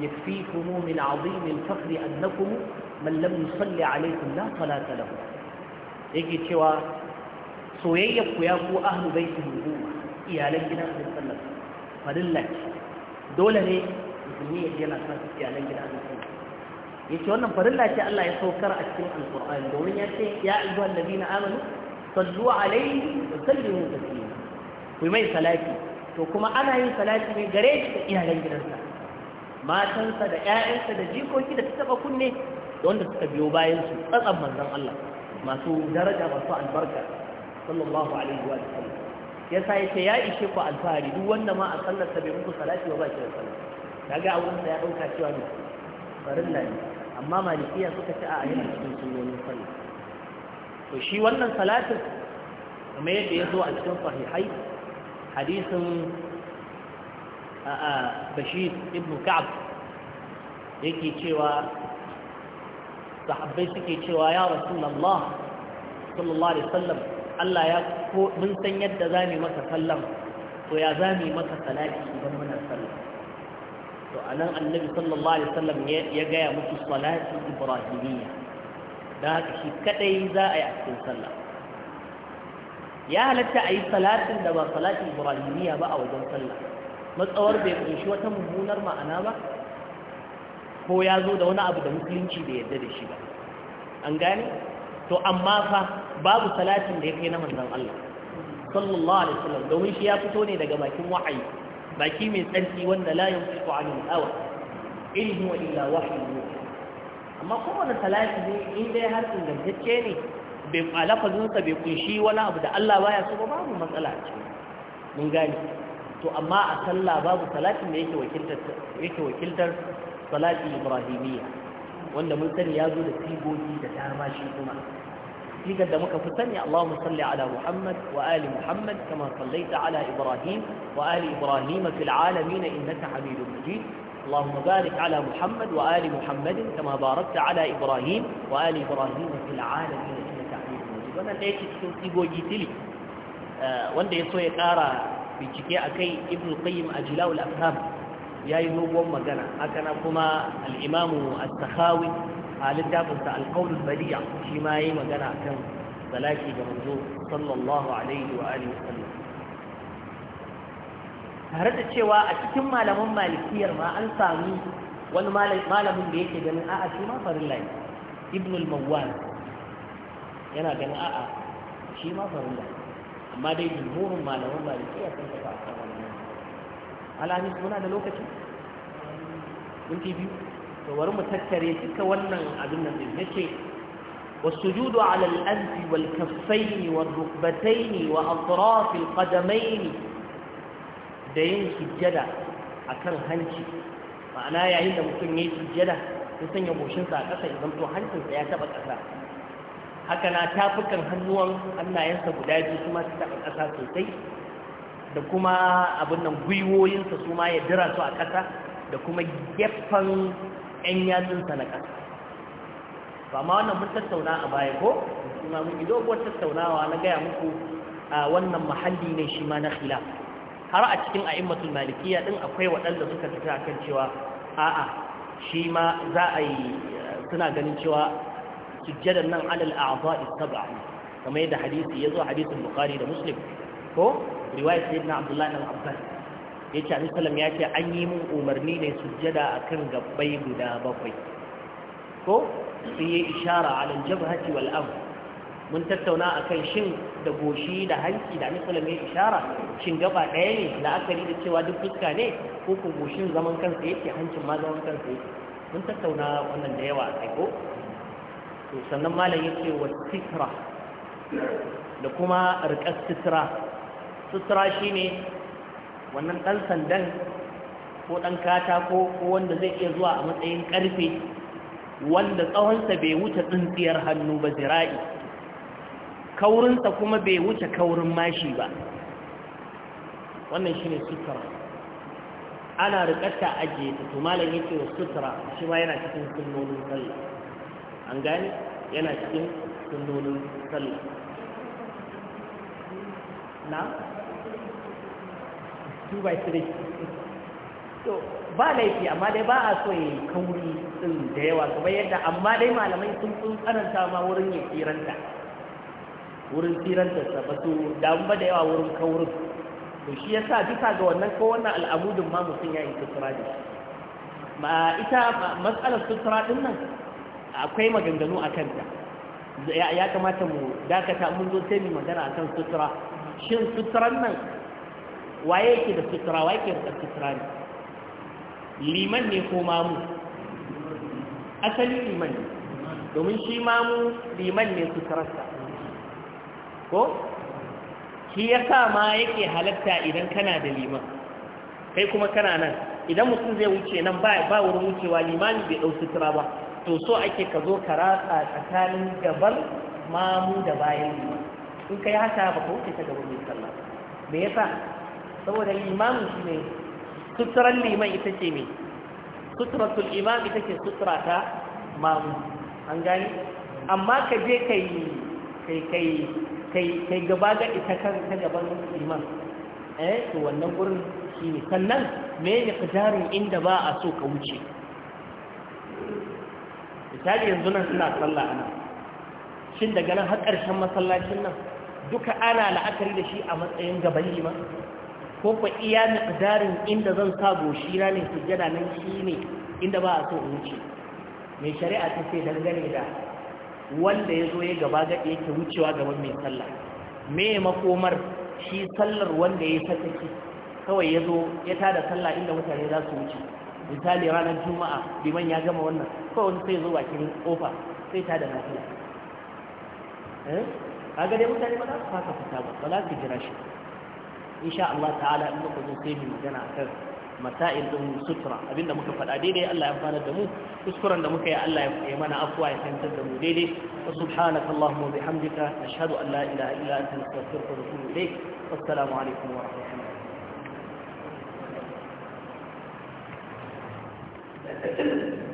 يكفيكم من عظيم الفخر أنكم من لم يصلي عليكم لا صلاة له يجي cewa soyayyar ku ya ku ahlu baiti mu iyalan gidan Annabi sallallahu alaihi wasallam dole ne musulmi ya yana san iyalan gidan Annabi sallallahu alaihi wasallam wannan farilla ce Allah ya saukar a cikin alqur'ani domin ya ce ya ayyuhal ladina amanu sallu alaihi wa sallimu taslima ku mai salati to kuma ana yin salati ne gare shi da iyalan gidansa matansa da ƴaƴansa da jikoki da ta taba kunne da wanda suka biyo bayan su tsatsan manzon Allah masu daraja masu albarka sallallahu alaihi wa sallam yasa yace ya ishe ku alfahari duk wanda ma a sallar sa bai muku salati ba ba shi da sallah kaga a wurin sa ya dauka cewa ne farilla ne amma malikiya suka ci a ayyukan cikin sunnonin sallah to shi wannan salatin kuma yadda ya zo a cikin sahihai hadisin bashir ibn ka'ab yake cewa sahabbai suke cewa ya rasulullah sallallahu alaihi wasallam Allah ya ko mun san yadda za mu masa sallam to ya za mu masa salati idan muna sallah to anan annabi sallallahu alaihi wasallam ya gaya musu salati ibrahimiyya da haka shi kadai za a yi a cikin sallah ya halatta a yi salatin da ba salatin ibrahimiyya ba a wajen sallah matsawar bai kunshi wata mummunar ma'ana ba ko ya zo da wani abu da musulunci bai yarda da shi ba an gane to amma fa babu salatin da ya kai na manzon Allah sallallahu alaihi wasallam domin shi ya fito ne daga bakin wahayi baki mai tsanci wanda la yanfiqu anil hawa in huwa illa wahyu amma kuma kowane salati ne in dai har ingantacce ne bai alafazinsa bai kunshi wani abu da Allah baya so ba babu matsala ce mun gane to amma a sallah babu salatin da yake wakiltar yake wakiltar salati ibrahimiyya wanda mun sani ya zo da sigogi da dama shi kuma sigar da muka fi sani Allahumma salli ala Muhammad wa ali Muhammad kama sallaita ala Ibrahim wa ali Ibrahim fil alamin innaka Hamidum Majid اللهم بارك على محمد وآل محمد كما باركت على إبراهيم وآل إبراهيم في العالمين إنك حميد مجيد wannan da yake cikin sigogi eh, wanda ya so ya kara bincike akai ibn qayyim ajla'ul afham yayi dogon magana haka na kuma al a littafinsa alƙaulul bariya shi ma yi magana kan salati ga manzo sallallahu alaihi wa alihi wasallam tare da cewa a cikin malaman malikiyar ma an sami wani malamin da yake ganin a'a shi ma farin ne ibn al-mawwan yana ganin a'a shi ma farin farilla amma dai jumhurin malaman malikiya sun tafi a kan wannan alamis muna da lokaci minti biyu to bari mu tattare duka wannan abin nan din yace والسجود على الأنف والكفين والركبتين وأطراف القدمين دين سجدة أكن hanci. ma'ana yayin da mutum ya yi sujjada ya sanya goshinsa a ƙasa ya zamto hancinsa ya taɓa ƙasa haka na tafukan hannuwan hannayensa guda biyu su ma taɓa ƙasa sosai da kuma abin nan gwiwoyinsa su ma ya dira su a ƙasa da kuma gefen 'yan yatsunsa na ƙasa ba ma wannan mun tattauna a baya ko kuma mun doguwar tattaunawa na gaya muku a wannan mahalli ne shi ma na khilaf har a cikin a'immatul malikiyya din akwai waɗanda suka tafi akan cewa a'a shi ma za a yi suna ganin cewa sujjadan nan alal a'dha'i sab'a kamar yadda hadisi yazo hadisin bukhari da muslim ko riwayat sayyidina abdullahi abbas ya ce alisalam ya ce an yi mun umarni ne sujjada a kan gabbai guda bakwai ko sai yi ishara alal jabhati wal am mun tattauna a kan shin da goshi da hanki da alisalam ya ishara shin gaba ɗaya ne la'akari da cewa duk fuska ne ko ko goshin zaman kansa yake hancin ma zaman kansa yake mun tattauna wannan da yawa a ko to sannan malam ya ce wa sitra da kuma rikar sitra sutura shine. ne wannan ɗan sandan ko ɗan katako ko wanda zai iya zuwa a matsayin ƙarfe wanda tsawonsa bai wuce tsintsiyar hannu ba zira'i kaurinsa kuma bai wuce kaurin mashi ba wannan shi ne sutura ana rikata ajiye ta to malam yake wa sutura shi ma yana cikin sunnonin sallah an gani yana cikin sunnonin sallah na 2 by 3 to ba laifi amma dai ba a so ya kauri din da yawa kuma yadda amma dai malamai sun sun karanta ma wurin ya tsiranta wurin tsiranta sa ba su damu ba da yawa wurin kaurin to shi ya sa bisa ga wannan ko wannan al'amudin ma mutum ya yi sutura da ma ita matsalar sutura din nan akwai maganganu a kanta ya kamata mu dakata mun zo sai mu magana akan sutura shin suturan nan waye yake da sutura waye yake da sutura ne liman ne ko mamu asali liman ne domin shi mamu liman ne suturarsa ko shi ya sa ma yake halatta idan kana da liman kai kuma kana nan idan mutum zai wuce nan ba wurin wucewa limani bai dau sutura ba to so ake ka zo ka ratsa tsakanin gabar mamu da bayan liman in kai haka ba ka wuce ta gaban mai sallah me yasa saboda limamin shi ne suturan liman ita ce mai suturatul imam ita ce sutura ta mamu an gani amma ka je kai kai gaba ga ita kan ta gaban liman eh to wannan gurin shi ne sannan me ne fidarin inda ba a so ka wuce misali yanzu nan suna sallah ana shin daga nan har ƙarshen masallacin nan duka ana la'akari da shi a matsayin gaban liman ko fa iya miqdarin inda zan sa goshi na ne sujjada nan ne inda ba a so in wuce mai shari'a ta sai dangane da wanda ya zo ya gaba gaɗe yake wucewa gaban mai sallah me makomar shi sallar wanda ya sakaki kawai ya zo ya tada sallah inda mutane za su wuce misali ranar juma'a liman ya gama wannan kawai wani sai zo bakin kofa sai tada da eh kaga dai mutane ba za su fasa fita ba ba za su jira shi insha Allah ta'ala in muka zo sai mu magana akan masail din sutura abinda muka faɗa daidai Allah ya fara da mu kuskuren da muka yi Allah ya mana afwa ya tantar da mu daidai wa subhanaka allahumma bihamdika ashhadu an la ilaha illa anta astaghfiruka wa atubu ilaik wassalamu alaikum wa rahmatullahi Thank you.